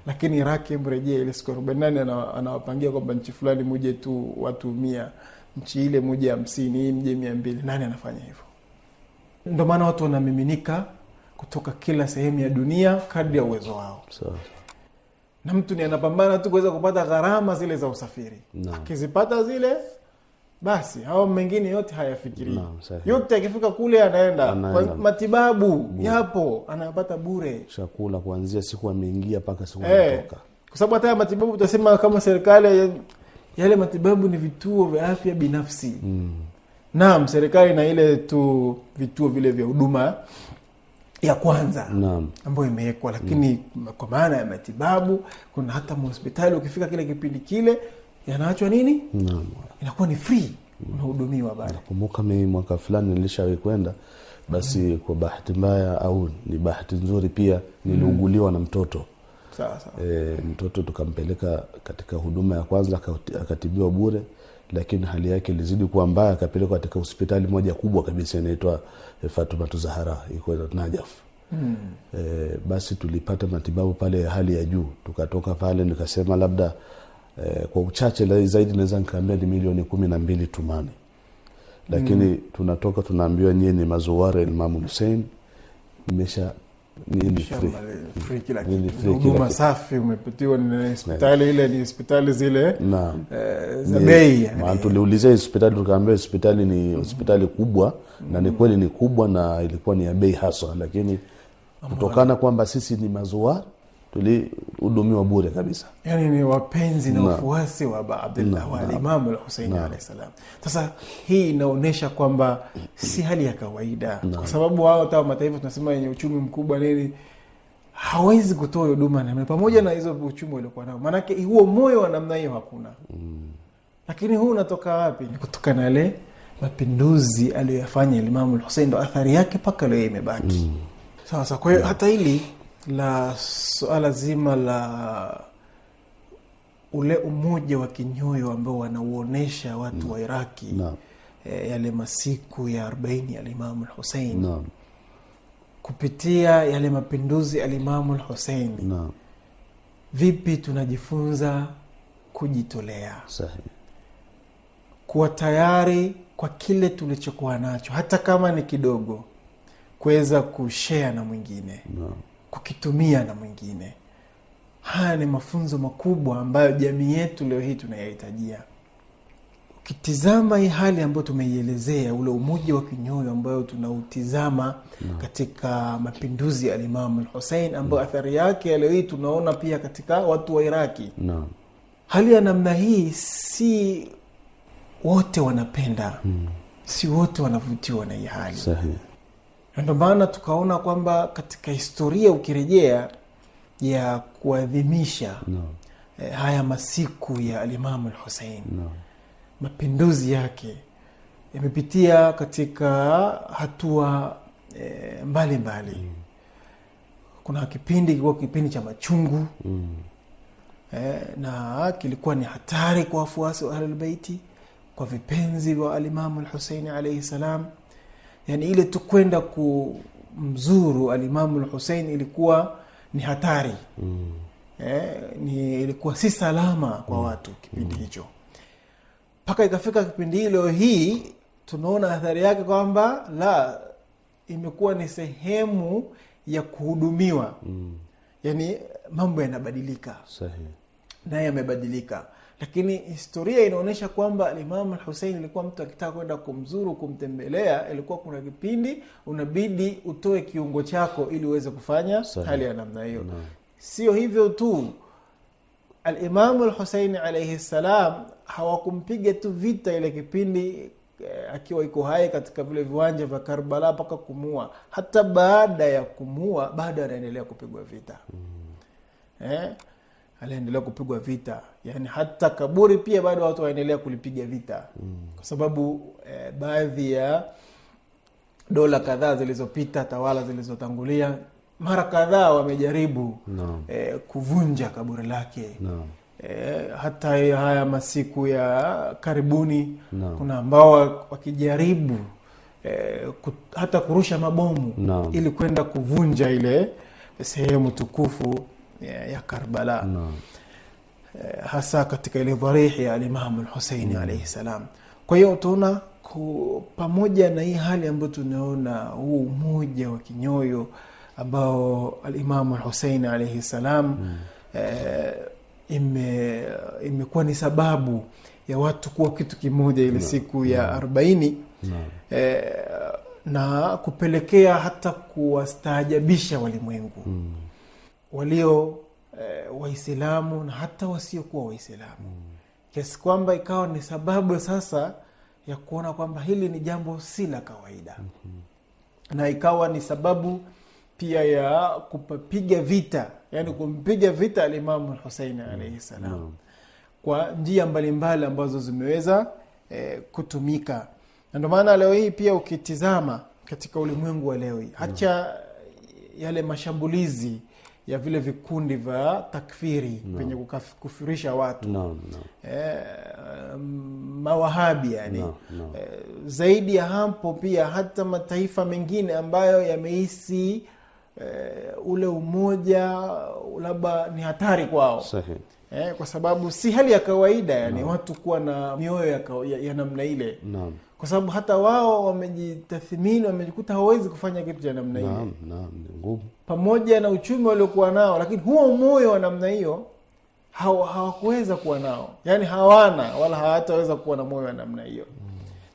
lakini Iraki mrejee ile siku arobaini nane anawapangia kwamba nchi fulani muje tu watu mia, nchi ile muje hamsini, hii mje mia mbili. Nani anafanya hivyo? Ndo maana watu wanamiminika kutoka kila sehemu ya dunia kadri ya uwezo wao so. Na mtu ni anapambana tu kuweza kupata gharama zile za usafiri no. Akizipata zile basi hao mengine yote hayafikirii yote akifika kule anaenda, anaenda. Kwa matibabu Bure. Mm. yapo anapata bure chakula kuanzia siku ameingia mpaka siku eh, anatoka kwa sababu hata matibabu utasema kama serikali yale matibabu ni vituo vya afya binafsi mm. naam serikali na ile tu vituo vile vya huduma ya kwanza ambayo imewekwa lakini mm. kwa maana ya matibabu kuna hata mhospitali ukifika kile kipindi kile yanaachwa nini, naam, inakuwa ni free, unahudumiwa bale. Nakumbuka mwaka fulani nilishawai kwenda basi mm. Kwa bahati mbaya au ni bahati nzuri pia niliuguliwa mm. na mtoto sawa sawa. E, mtoto tukampeleka katika huduma ya kwanza akatibiwa bure, lakini hali yake ilizidi kuwa mbaya, akapelekwa katika hospitali moja kubwa kabisa inaitwa e, Fatumatu Zahara Najaf mm. E, basi tulipata matibabu pale ya hali ya juu, tukatoka pale nikasema labda eh, kwa uchache zaidi naweza nikaambia ni milioni kumi na mbili tumani, lakini mm. tunatoka tunaambiwa nyie ni mazuwara elmamu husein imesha huduma safi umepitiwa eh. hospitali ile ni hospitali zile eh, za bei. Tuliulizia hospitali tukaambia hospitali ni hospitali kubwa mm. na ni mm. kweli ni kubwa na ilikuwa ni ya bei haswa, lakini kutokana kwamba sisi ni mazuwara tulihudumiwa bure kabisa yani ni wapenzi na wafuasi wa abdullah wa alimamu lhuseini alahi salam sasa hii inaonyesha kwamba si hali ya kawaida na. kwa sababu wao tawa mataifa tunasema yenye uchumi mkubwa nini hawezi kutoa huduma na pamoja na hizo uchumi waliokuwa nao maanake huo moyo wa namna hiyo hakuna mm. lakini huu unatoka wapi ni kutoka na yale mapinduzi aliyoyafanya limamu lhusein ndo athari yake mpaka leo imebaki mm. sasa kwa hiyo yeah. hata hili la suala zima la ule umoja wa kinyoyo ambao wanauonyesha watu wa Iraki e, yale masiku ya arobaini ya Alimamu Lhusein kupitia yale mapinduzi limamu Lhusein, vipi tunajifunza kujitolea Sahi. kuwa tayari kwa kile tulichokuwa nacho hata kama ni kidogo, kuweza kushea na mwingine no kukitumia na mwingine. Haya ni mafunzo makubwa ambayo jamii yetu leo hii tunayahitajia. Ukitizama hii hali ambayo tumeielezea, ule umoja wa kinyoyo ambayo tunautizama no. katika mapinduzi ya limamu lhusein ambayo no. athari yake leo hii tunaona pia katika watu wa Iraki no. hali ya namna hii si wote wanapenda mm. si wote wanavutiwa na hii hali Sahi na ndio maana tukaona kwamba katika historia ukirejea ya kuadhimisha no. eh, haya masiku ya alimamu lhusein no. mapinduzi yake yamepitia katika hatua eh, mbalimbali eh, mbali. mm. kuna kipindi kilikuwa kipindi cha machungu mm. eh, na kilikuwa ni hatari kwa wafuasi wa Ahlulbeiti, kwa vipenzi vya alimamu lhusein alaihi salam yani ile tu kwenda kumzuru alimamu lhusein ilikuwa ni hatari mm. eh, ni ilikuwa si salama kwa mm. watu kipindi mm. hicho mm. mpaka ikafika kipindi hilo hii tunaona athari yake kwamba la imekuwa ni sehemu ya kuhudumiwa mm. yani mambo yanabadilika naye yamebadilika lakini historia inaonyesha kwamba Alimamu lhusein ilikuwa mtu akitaka kwenda kumzuru, kumtembelea, ilikuwa kuna kipindi unabidi utoe kiungo chako ili uweze kufanya Sahi. hali ya namna hiyo no. Sio hivyo tu, Alimamu lhusein alaihi ssalam hawakumpiga tu vita ile kipindi eh, akiwa iko hai katika vile viwanja vya Karbala mpaka kumua. Hata baada ya kumua bado anaendelea kupigwa vita mm. eh? aliendelea kupigwa vita, yani hata kaburi pia bado watu waendelea kulipiga vita mm. kwa sababu eh, baadhi ya dola kadhaa zilizopita, tawala zilizotangulia mara kadhaa wamejaribu no. eh, kuvunja kaburi lake no. eh, hata haya masiku ya karibuni no. kuna ambao wakijaribu eh, kut, hata kurusha mabomu no. ili kwenda kuvunja ile sehemu tukufu ya, karbala no. Eh, hasa katika ile dharihi ya alimamu lhuseini no. alaihi salam kwa hiyo utaona pamoja na hii hali ambayo tunaona huu umoja wa kinyoyo ambao alimamu lhuseini alaihi salam no. Mm. eh, ime imekuwa ni sababu ya watu kuwa kitu kimoja ile no. siku ya no. arobaini no. eh, na kupelekea hata kuwastaajabisha walimwengu no mm walio eh, Waislamu na hata wasiokuwa Waislamu mm. kiasi kwamba ikawa ni sababu sasa ya kuona kwamba hili ni jambo si la kawaida mm -hmm. na ikawa ni sababu pia ya kupiga vita, yani kumpiga vita Alimamu Husein mm. alaihi salam mm. kwa njia mbalimbali ambazo zimeweza eh, kutumika, na ndio maana leo hii pia ukitizama katika ulimwengu wa leo hii hacha mhm. yale mashambulizi ya vile vikundi vya takfiri no. vyenye kukufurisha watu no, no. E, mawahabi yani no, no. E, zaidi ya hapo pia hata mataifa mengine ambayo yamehisi e, ule umoja labda ni hatari kwao E, kwa sababu si hali ya kawaida yani no. watu kuwa na mioyo ya, ya, ya namna ile no kwa sababu hata wao wamejitathimini, wamejikuta hawawezi kufanya kitu cha namna hiyo. pamoja na uchumi waliokuwa nao, lakini huo moyo wa namna hiyo hawakuweza kuwa nao, yaani hawana wala hawataweza kuwa na moyo wa namna hiyo. Mm.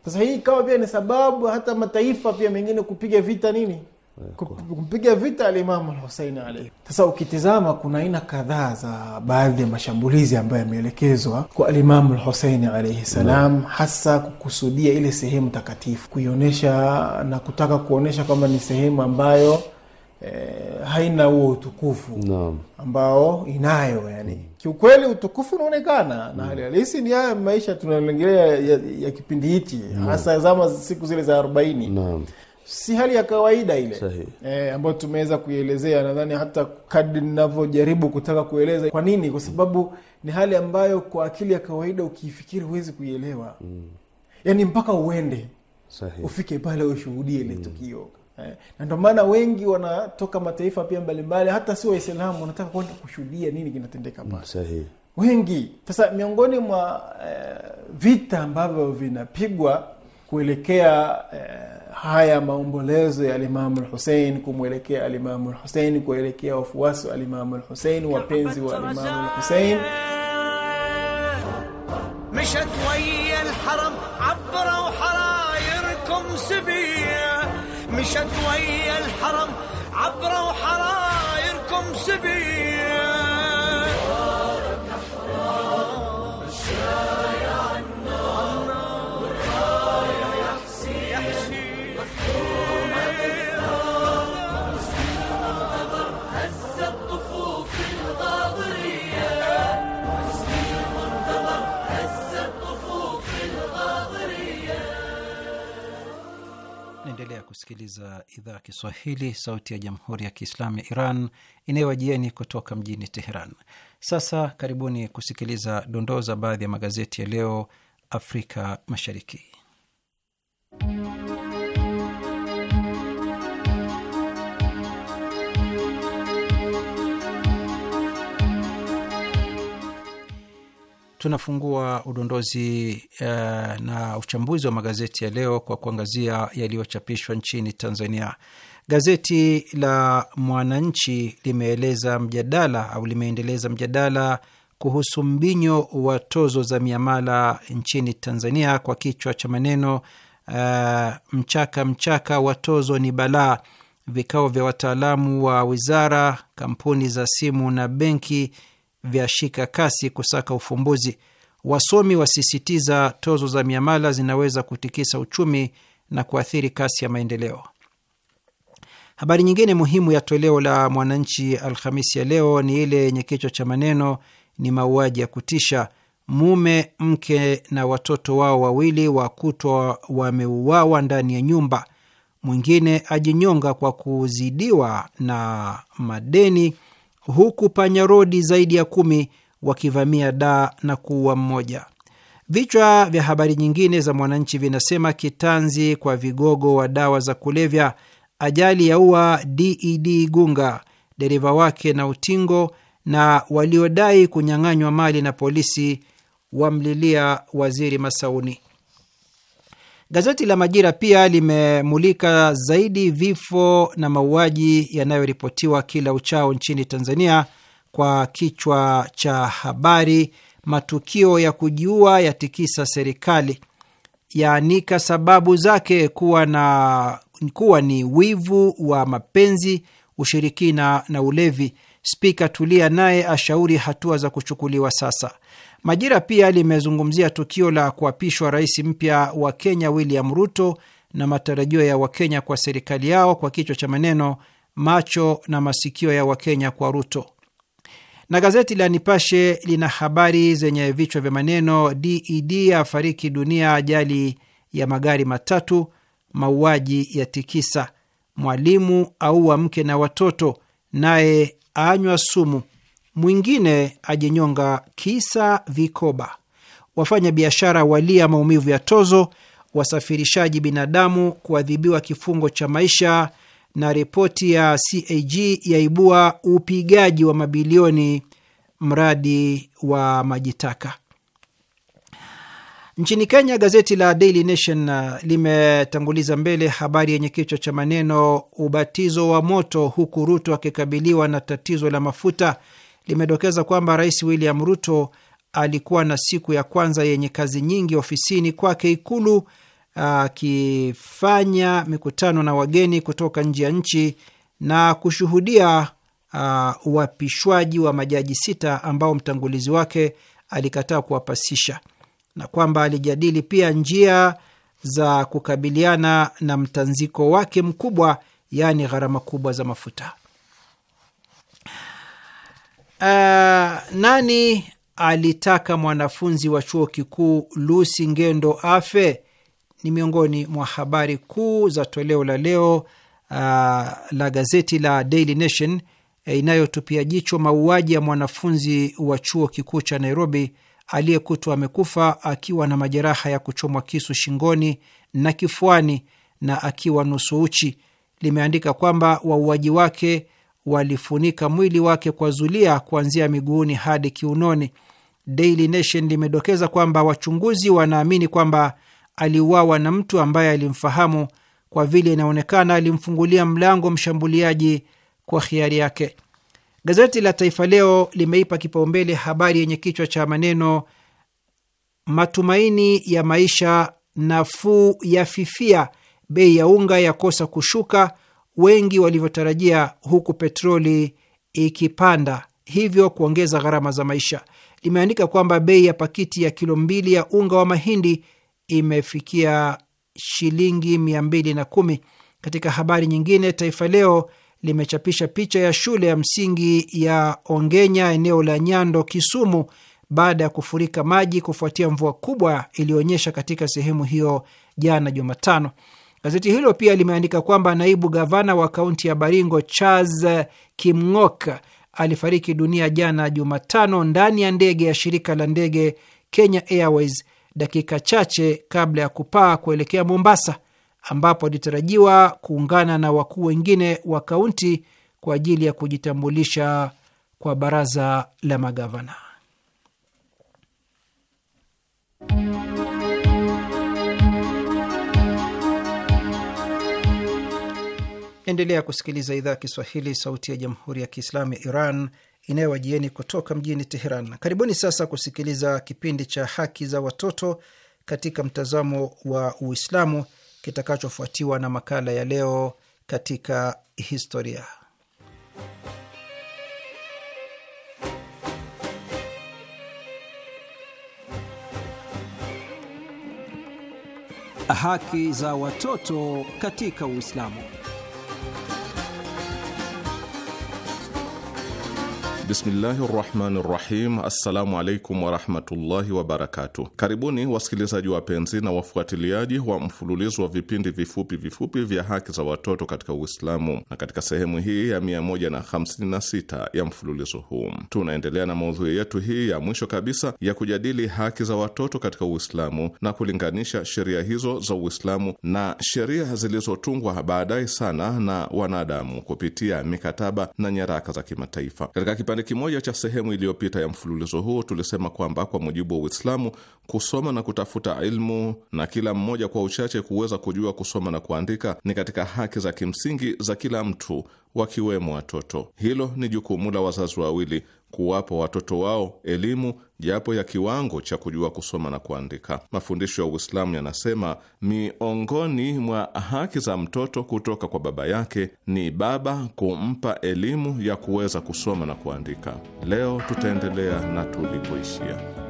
Sasa hii ikawa pia ni sababu hata mataifa pia mengine kupiga vita nini Eh, kumpiga vita alimamu lhusein alaihi. Sasa ukitizama kuna aina kadhaa za baadhi ya mashambulizi ambayo yameelekezwa kwa alimamu lhusein alaihi salam, hasa kukusudia ile sehemu takatifu, kuionyesha na kutaka kuonyesha kwamba ni sehemu ambayo E, haina huo utukufu no. ambao inayo yani. Hmm. Kiukweli utukufu unaonekana na hmm. hali halisi ni haya maisha tunalengelea ya, ya, ya kipindi hichi hmm. hasa zama siku zile za arobaini no si hali ya kawaida ile e, ambayo tumeweza kuielezea. Nadhani hata kadi ninavyojaribu kutaka kueleza kwa nini, kwa sababu ni hali ambayo kwa akili ya kawaida ukiifikiri huwezi kuielewa mm. Yaani mpaka uende sahi, ufike pale ushuhudie ile mm. tukio eh, na ndio maana wengi wanatoka mataifa pia mbalimbali, hata si Waislamu wanataka kwenda kushuhudia nini kinatendeka mm, pale wengi. Sasa miongoni mwa eh, vita ambavyo vinapigwa kuelekea eh, haya maombolezo ya alimamu lhusein kumwelekea alimamu lhusein kuelekea wafuasi wa alimamu lhusein wapenzi wa alimamu lhusein مشت ويا kusikiliza idhaa ya Kiswahili, sauti ya jamhuri ya kiislamu ya Iran inayowajieni kutoka mjini Teheran. Sasa karibuni kusikiliza dondoo za baadhi ya magazeti ya leo Afrika Mashariki. tunafungua udondozi uh, na uchambuzi wa magazeti ya leo kwa kuangazia yaliyochapishwa nchini Tanzania. Gazeti la Mwananchi limeeleza mjadala au limeendeleza mjadala kuhusu mbinyo wa tozo za miamala nchini Tanzania kwa kichwa cha maneno Uh, mchaka mchaka wa tozo ni balaa. Vikao vya wataalamu wa wizara, kampuni za simu na benki vyashika kasi kusaka ufumbuzi. Wasomi wasisitiza tozo za miamala zinaweza kutikisa uchumi na kuathiri kasi ya maendeleo. Habari nyingine muhimu ya toleo la Mwananchi Alhamisi ya leo ni ile yenye kichwa cha maneno ni mauaji ya kutisha, mume mke na watoto wao wawili wakutwa wameuawa ndani ya nyumba, mwingine ajinyonga kwa kuzidiwa na madeni huku panyarodi zaidi ya kumi wakivamia daa na kuua mmoja. Vichwa vya habari nyingine za Mwananchi vinasema kitanzi kwa vigogo wa dawa za kulevya, ajali ya ua DED e Gunga, dereva wake na utingo, na waliodai kunyang'anywa mali na polisi wamlilia waziri Masauni. Gazeti la Majira pia limemulika zaidi vifo na mauaji yanayoripotiwa kila uchao nchini Tanzania kwa kichwa cha habari, matukio ya kujiua yatikisa serikali, yaanika sababu zake kuwa na kuwa ni wivu wa mapenzi, ushirikina na ulevi. Spika Tulia naye ashauri hatua za kuchukuliwa sasa. Majira pia limezungumzia tukio la kuapishwa rais mpya wa Kenya William Ruto na matarajio ya Wakenya kwa serikali yao kwa kichwa cha maneno macho na masikio ya Wakenya kwa Ruto. Na gazeti la Nipashe lina habari zenye vichwa vya maneno DED e afariki dunia ajali ya magari matatu, mauaji ya tikisa, mwalimu aua mke na watoto, naye anywa sumu mwingine ajinyonga kisa vikoba, wafanya biashara walia maumivu ya tozo, wasafirishaji binadamu kuadhibiwa kifungo cha maisha, na ripoti ya CAG yaibua upigaji wa mabilioni mradi wa majitaka. Nchini Kenya, gazeti la Daily Nation uh, limetanguliza mbele habari yenye kichwa cha maneno ubatizo wa moto, huku Ruto akikabiliwa na tatizo la mafuta limedokeza kwamba Rais William Ruto alikuwa na siku ya kwanza yenye kazi nyingi ofisini kwake Ikulu, akifanya mikutano na wageni kutoka nje ya nchi na kushuhudia uapishwaji wa majaji sita ambao mtangulizi wake alikataa kuwapasisha na kwamba alijadili pia njia za kukabiliana na mtanziko wake mkubwa, yaani gharama kubwa za mafuta. Uh, nani alitaka mwanafunzi wa chuo kikuu Lucy Ngendo afe? Ni miongoni mwa habari kuu za toleo la leo uh, la gazeti la Daily Nation eh, inayotupia jicho mauaji ya mwanafunzi wa chuo kikuu cha Nairobi aliyekutwa amekufa akiwa na majeraha ya kuchomwa kisu shingoni na kifuani na akiwa nusu uchi. Limeandika kwamba wauaji wake walifunika mwili wake kwa zulia kuanzia miguuni hadi kiunoni. Daily Nation limedokeza kwamba wachunguzi wanaamini kwamba aliuawa na mtu ambaye alimfahamu kwa vile inaonekana alimfungulia mlango mshambuliaji kwa hiari yake. Gazeti la Taifa Leo limeipa kipaumbele habari yenye kichwa cha maneno matumaini ya maisha nafuu yafifia, bei ya unga yakosa kushuka wengi walivyotarajia, huku petroli ikipanda, hivyo kuongeza gharama za maisha. Limeandika kwamba bei ya pakiti ya kilo mbili ya unga wa mahindi imefikia shilingi mia mbili na kumi. Katika habari nyingine, Taifa Leo limechapisha picha ya shule ya msingi ya Ongenya eneo la Nyando, Kisumu, baada ya kufurika maji kufuatia mvua kubwa iliyoonyesha katika sehemu hiyo jana Jumatano. Gazeti hilo pia limeandika kwamba naibu gavana wa kaunti ya Baringo Charles Kimng'ok alifariki dunia jana Jumatano ndani ya ndege ya shirika la ndege Kenya Airways dakika chache kabla ya kupaa kuelekea Mombasa ambapo alitarajiwa kuungana na wakuu wengine wa kaunti kwa ajili ya kujitambulisha kwa baraza la magavana. Endelea kusikiliza idhaa ya Kiswahili, sauti ya jamhuri ya kiislamu ya Iran inayowajieni kutoka mjini Teheran. Karibuni sasa kusikiliza kipindi cha haki za watoto katika mtazamo wa Uislamu kitakachofuatiwa na makala ya leo katika historia. Haki za watoto katika Uislamu. Bismillahi rahmani rahim. Assalamu alaikum warahmatullahi wabarakatu. Karibuni wasikilizaji wapenzi na wafuatiliaji wa mfululizo wa vipindi vifupi vifupi vya haki za watoto katika Uislamu, na katika sehemu hii ya 156 ya mfululizo huu tunaendelea na maudhui yetu hii ya mwisho kabisa ya kujadili haki za watoto katika Uislamu na kulinganisha sheria hizo za Uislamu na sheria zilizotungwa baadaye sana na wanadamu kupitia mikataba na nyaraka za kimataifa katika Kipande kimoja cha sehemu iliyopita ya mfululizo huo tulisema kwamba kwa mujibu wa Uislamu, kusoma na kutafuta ilmu na kila mmoja kwa uchache kuweza kujua kusoma na kuandika ni katika haki za kimsingi za kila mtu, wakiwemo watoto. Hilo ni jukumu la wazazi wawili kuwapa watoto wao elimu japo ya kiwango cha kujua kusoma na kuandika. Mafundisho ya Uislamu yanasema miongoni mwa haki za mtoto kutoka kwa baba yake ni baba kumpa elimu ya kuweza kusoma na kuandika. Leo tutaendelea na tulipoishia.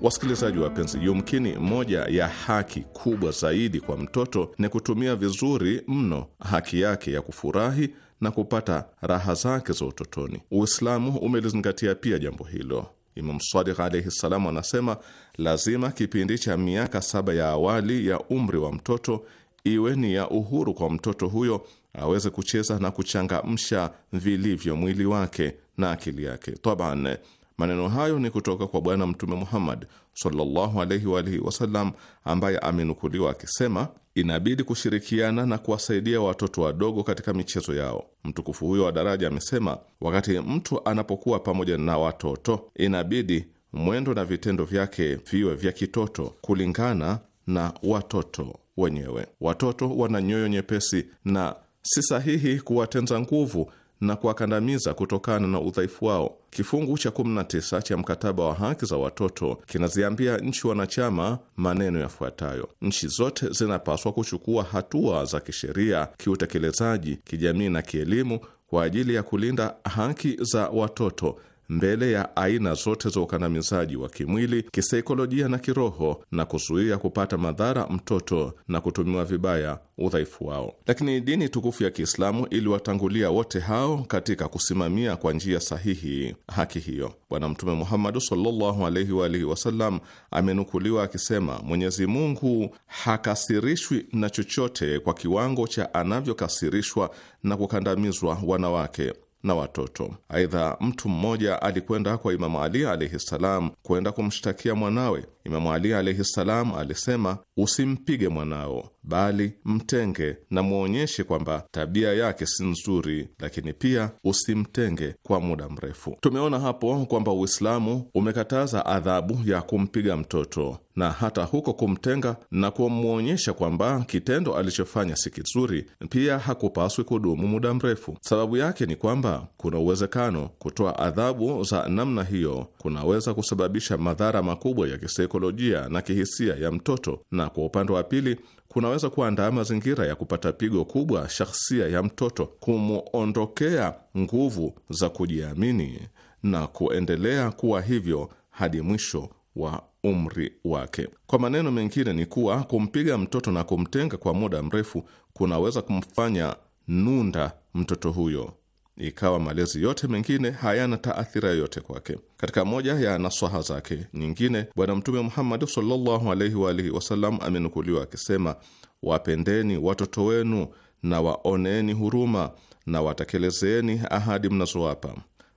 Wasikilizaji wapenzi, yumkini moja ya haki kubwa zaidi kwa mtoto ni kutumia vizuri mno haki yake ya kufurahi na kupata raha zake za utotoni. Uislamu umelizingatia pia jambo hilo. Imam Sadiq alaihi ssalam anasema lazima kipindi cha miaka saba ya awali ya umri wa mtoto iwe ni ya uhuru kwa mtoto huyo aweze kucheza na kuchangamsha vilivyo mwili wake na akili yake. Taban, Maneno hayo ni kutoka kwa Bwana Mtume Muhammad sallallahu alaihi wa alihi wasallam, ambaye amenukuliwa akisema, inabidi kushirikiana na kuwasaidia watoto wadogo katika michezo yao. Mtukufu huyo wa daraja amesema, wakati mtu anapokuwa pamoja na watoto, inabidi mwendo na vitendo vyake viwe vya kitoto kulingana na watoto wenyewe. Watoto wana nyoyo nyepesi na si sahihi kuwatenza nguvu na kuwakandamiza kutokana na udhaifu wao. Kifungu cha 19 cha mkataba wa haki za watoto kinaziambia nchi wanachama maneno yafuatayo: nchi zote zinapaswa kuchukua hatua za kisheria, kiutekelezaji, kijamii na kielimu kwa ajili ya kulinda haki za watoto mbele ya aina zote za ukandamizaji wa kimwili, kisaikolojia na kiroho, na kuzuia kupata madhara mtoto na kutumiwa vibaya udhaifu wao. Lakini dini tukufu ya Kiislamu iliwatangulia wote hao katika kusimamia kwa njia sahihi haki hiyo. Bwana Mtume Muhammad sallallahu alaihi wa alihi wasallam amenukuliwa akisema, Mwenyezi Mungu hakasirishwi na chochote kwa kiwango cha anavyokasirishwa na kukandamizwa wanawake na watoto. Aidha, mtu mmoja alikwenda kwa Imamu Ali alaihi ssalam kwenda kumshtakia mwanawe Imamu Ali alaihi ssalam alisema, usimpige mwanao, bali mtenge na mwonyeshe kwamba tabia yake si nzuri, lakini pia usimtenge kwa muda mrefu. Tumeona hapo kwamba Uislamu umekataza adhabu ya kumpiga mtoto na hata huko kumtenga na kumwonyesha kwamba kitendo alichofanya si kizuri, pia hakupaswi kudumu muda mrefu. Sababu yake ni kwamba kuna uwezekano kutoa adhabu za namna hiyo kunaweza kusababisha madhara makubwa ya kise kisaikolojia na kihisia ya mtoto, na kwa upande wa pili kunaweza kuandaa mazingira ya kupata pigo kubwa shahsia ya mtoto, kumwondokea nguvu za kujiamini na kuendelea kuwa hivyo hadi mwisho wa umri wake. Kwa maneno mengine, ni kuwa kumpiga mtoto na kumtenga kwa muda mrefu kunaweza kumfanya nunda mtoto huyo ikawa malezi yote mengine hayana taathira yoyote kwake. Katika moja ya naswaha zake nyingine, Bwana Mtume Muhammad sallallahu alaihi wa alihi wasallam amenukuliwa akisema, wapendeni watoto wenu na waoneeni huruma na watekelezeni ahadi mnazowapa.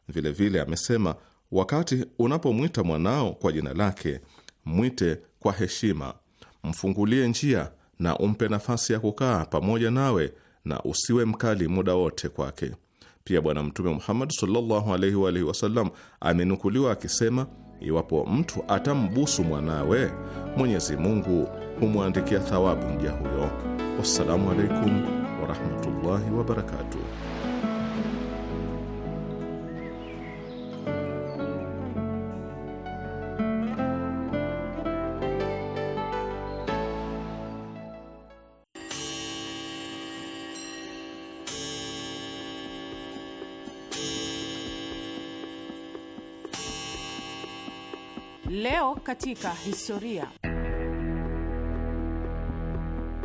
Vilevile amesema, wakati unapomwita mwanao kwa jina lake, mwite kwa heshima, mfungulie njia na umpe nafasi ya kukaa pamoja nawe, na usiwe mkali muda wote kwake. Pia Bwana Mtume Muhammad sallallahu alaihi wa alihi wasallam amenukuliwa akisema, iwapo mtu atambusu mwanawe Mwenyezi Mungu humwandikia thawabu mja huyo. Wassalamu alaikum warahmatullahi wabarakatuh. Leo katika historia.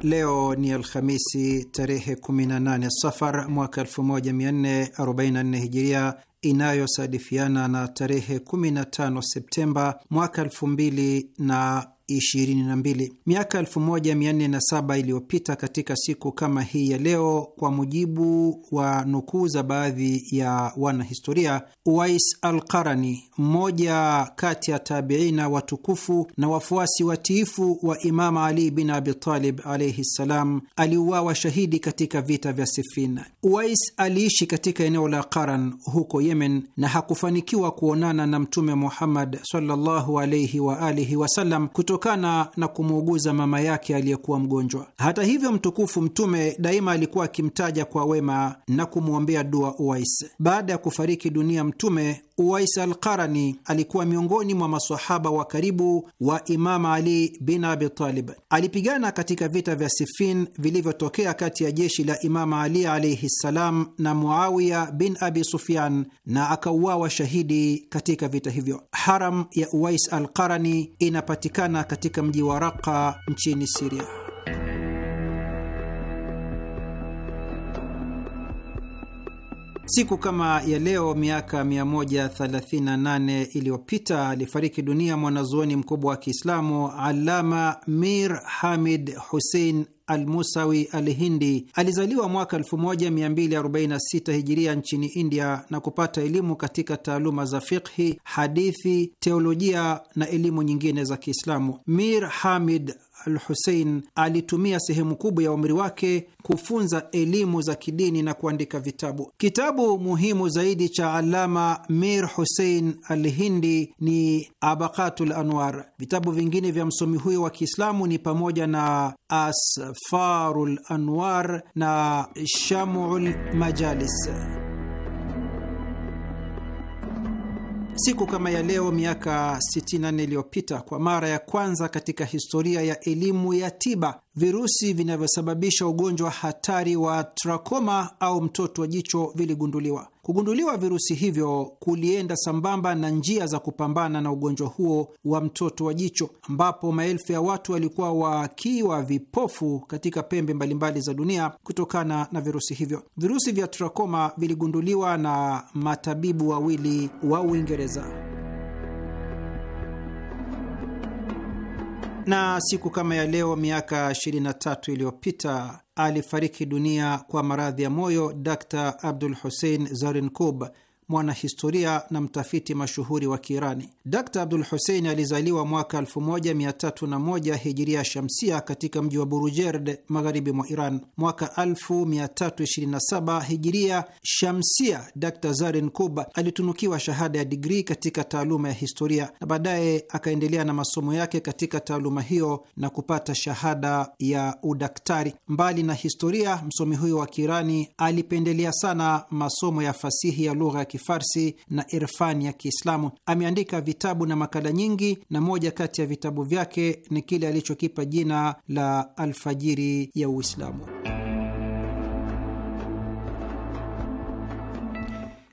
Leo ni Alhamisi tarehe 18 Safar mwaka 1444 Hijiria inayosadifiana na tarehe 15 Septemba mwaka 2000 na 22. Miaka 1407 iliyopita katika siku kama hii ya leo, kwa mujibu wa nukuu za baadhi ya wanahistoria, Uwais al-Qarani, mmoja kati ya tabiina watukufu na wafuasi watiifu wa Imam Ali bin abitalib alaihi ssalam, aliuawa shahidi katika vita vya Sifin. Uwais aliishi katika eneo la Qaran huko Yemen na hakufanikiwa kuonana na Mtume Muhammad sallallahu alayhi wa alihi wasallam kutokana na kumuuguza mama yake aliyekuwa mgonjwa. Hata hivyo, mtukufu Mtume daima alikuwa akimtaja kwa wema na kumwombea dua Uwais. Baada ya kufariki dunia Mtume, Uwais Alqarani alikuwa miongoni mwa masahaba wa karibu wa Imam Ali bin Abi Talib. Alipigana katika vita vya Sifin vilivyotokea kati ya jeshi la Imam Ali alaihi ssalam na Muawiya bin Abi Sufyan na akauawa shahidi katika vita hivyo. Haram ya Uwais Alqarani inapatikana katika mji wa Raqa nchini Siria. Siku kama ya leo miaka 138 iliyopita alifariki dunia mwanazuoni mkubwa wa Kiislamu Alama Mir Hamid Hussein Almusawi Alhindi. Alizaliwa mwaka 1246 hijiria nchini India na kupata elimu katika taaluma za fiqhi, hadithi, teolojia na elimu nyingine za Kiislamu. Mir Hamid al Husein alitumia sehemu kubwa ya umri wake kufunza elimu za kidini na kuandika vitabu. Kitabu muhimu zaidi cha Alama Mir Husein al Hindi ni Abakatul Anwar. Vitabu vingine vya msomi huyo wa Kiislamu ni pamoja na Asfarul Anwar na Shamul Majalis. Siku kama ya leo miaka 64 iliyopita, kwa mara ya kwanza katika historia ya elimu ya tiba, virusi vinavyosababisha ugonjwa hatari wa trakoma au mtoto wa jicho viligunduliwa. Kugunduliwa virusi hivyo kulienda sambamba na njia za kupambana na ugonjwa huo wa mtoto wa jicho, ambapo maelfu ya watu walikuwa wakiwa vipofu katika pembe mbalimbali za dunia kutokana na virusi hivyo. Virusi vya trakoma viligunduliwa na matabibu wawili wa Uingereza. na siku kama ya leo miaka 23 iliyopita alifariki dunia kwa maradhi ya moyo Dr Abdul Hussein Zarinkub, mwanahistoria na mtafiti mashuhuri wa Kiirani. Dr Abdul Husein alizaliwa mwaka 1301 hijiria shamsia katika mji wa Burujerd, magharibi mwa Iran. Mwaka 1327 hijiria shamsia, Dr Zarin Kuba alitunukiwa shahada ya digrii katika taaluma ya historia na baadaye akaendelea na masomo yake katika taaluma hiyo na kupata shahada ya udaktari. Mbali na historia, msomi huyo wa Kiirani alipendelea sana masomo ya fasihi ya lugha ya Kifarsi na irfani ya Kiislamu. Ameandika vitabu na makala nyingi, na moja kati ya vitabu vyake ni kile alichokipa jina la Alfajiri ya Uislamu.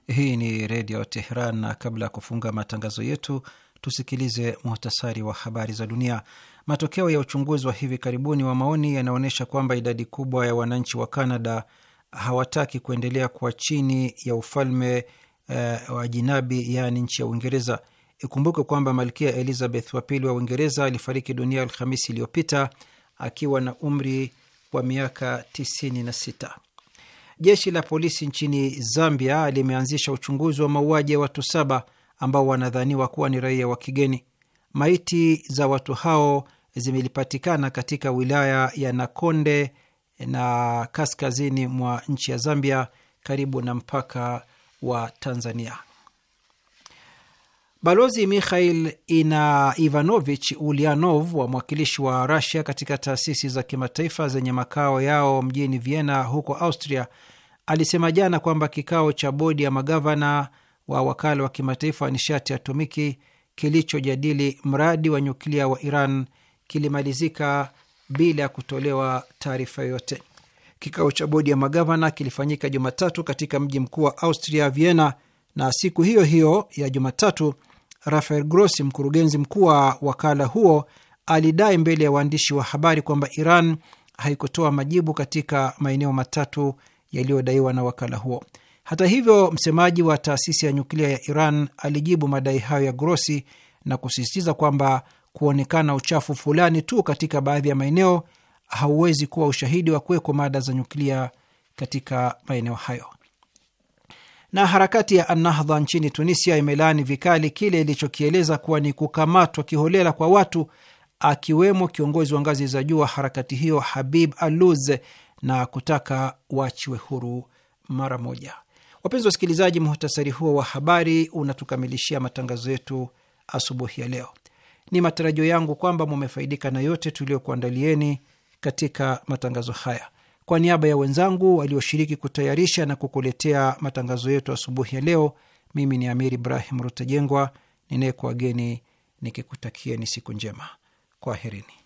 Hii ni Redio Teheran, na kabla ya kufunga matangazo yetu tusikilize muhtasari wa habari za dunia. Matokeo ya uchunguzi wa hivi karibuni wa maoni yanaonyesha kwamba idadi kubwa ya wananchi wa Kanada hawataki kuendelea kwa chini ya ufalme uh, eh, wajinabi yaani nchi ya Uingereza. Ikumbuke kwamba malkia Elizabeth wa pili wa Uingereza alifariki dunia Alhamisi iliyopita akiwa na umri wa miaka 96. Jeshi la polisi nchini Zambia limeanzisha uchunguzi wa mauaji ya watu saba ambao wanadhaniwa kuwa ni raia wa kigeni. Maiti za watu hao zimelipatikana katika wilaya ya Nakonde na kaskazini mwa nchi ya Zambia, karibu na mpaka wa Tanzania. Balozi Mikhail ina Ivanovich Ulianov wa mwakilishi wa Rasia katika taasisi za kimataifa zenye makao yao mjini Vienna huko Austria alisema jana kwamba kikao cha bodi ya magavana wa wakala wa kimataifa wa nishati ya atomiki kilichojadili mradi wa nyuklia wa Iran kilimalizika bila ya kutolewa taarifa yoyote. Kikao cha bodi ya magavana kilifanyika Jumatatu katika mji mkuu wa Austria, Vienna, na siku hiyo hiyo ya Jumatatu, Rafael Grossi, mkurugenzi mkuu wa wakala huo, alidai mbele ya waandishi wa habari kwamba Iran haikutoa majibu katika maeneo matatu yaliyodaiwa na wakala huo. Hata hivyo, msemaji wa taasisi ya nyuklia ya Iran alijibu madai hayo ya Grossi na kusisitiza kwamba kuonekana uchafu fulani tu katika baadhi ya maeneo hauwezi kuwa ushahidi wa kuwekwa mada za nyuklia katika maeneo hayo. Na harakati ya Annahdha nchini Tunisia imelaani vikali kile ilichokieleza kuwa ni kukamatwa kiholela kwa watu akiwemo kiongozi wa ngazi za juu wa harakati hiyo Habib Aluz na kutaka waachiwe huru mara moja. Wapenzi wasikilizaji, muhtasari huo wa habari unatukamilishia matangazo yetu asubuhi ya leo. Ni matarajio yangu kwamba mumefaidika na yote tuliyokuandalieni katika matangazo haya. Kwa niaba ya wenzangu walioshiriki kutayarisha na kukuletea matangazo yetu asubuhi ya leo, mimi ni Amir Ibrahim Rutajengwa ninayekuwageni nikikutakieni siku njema. Kwaherini.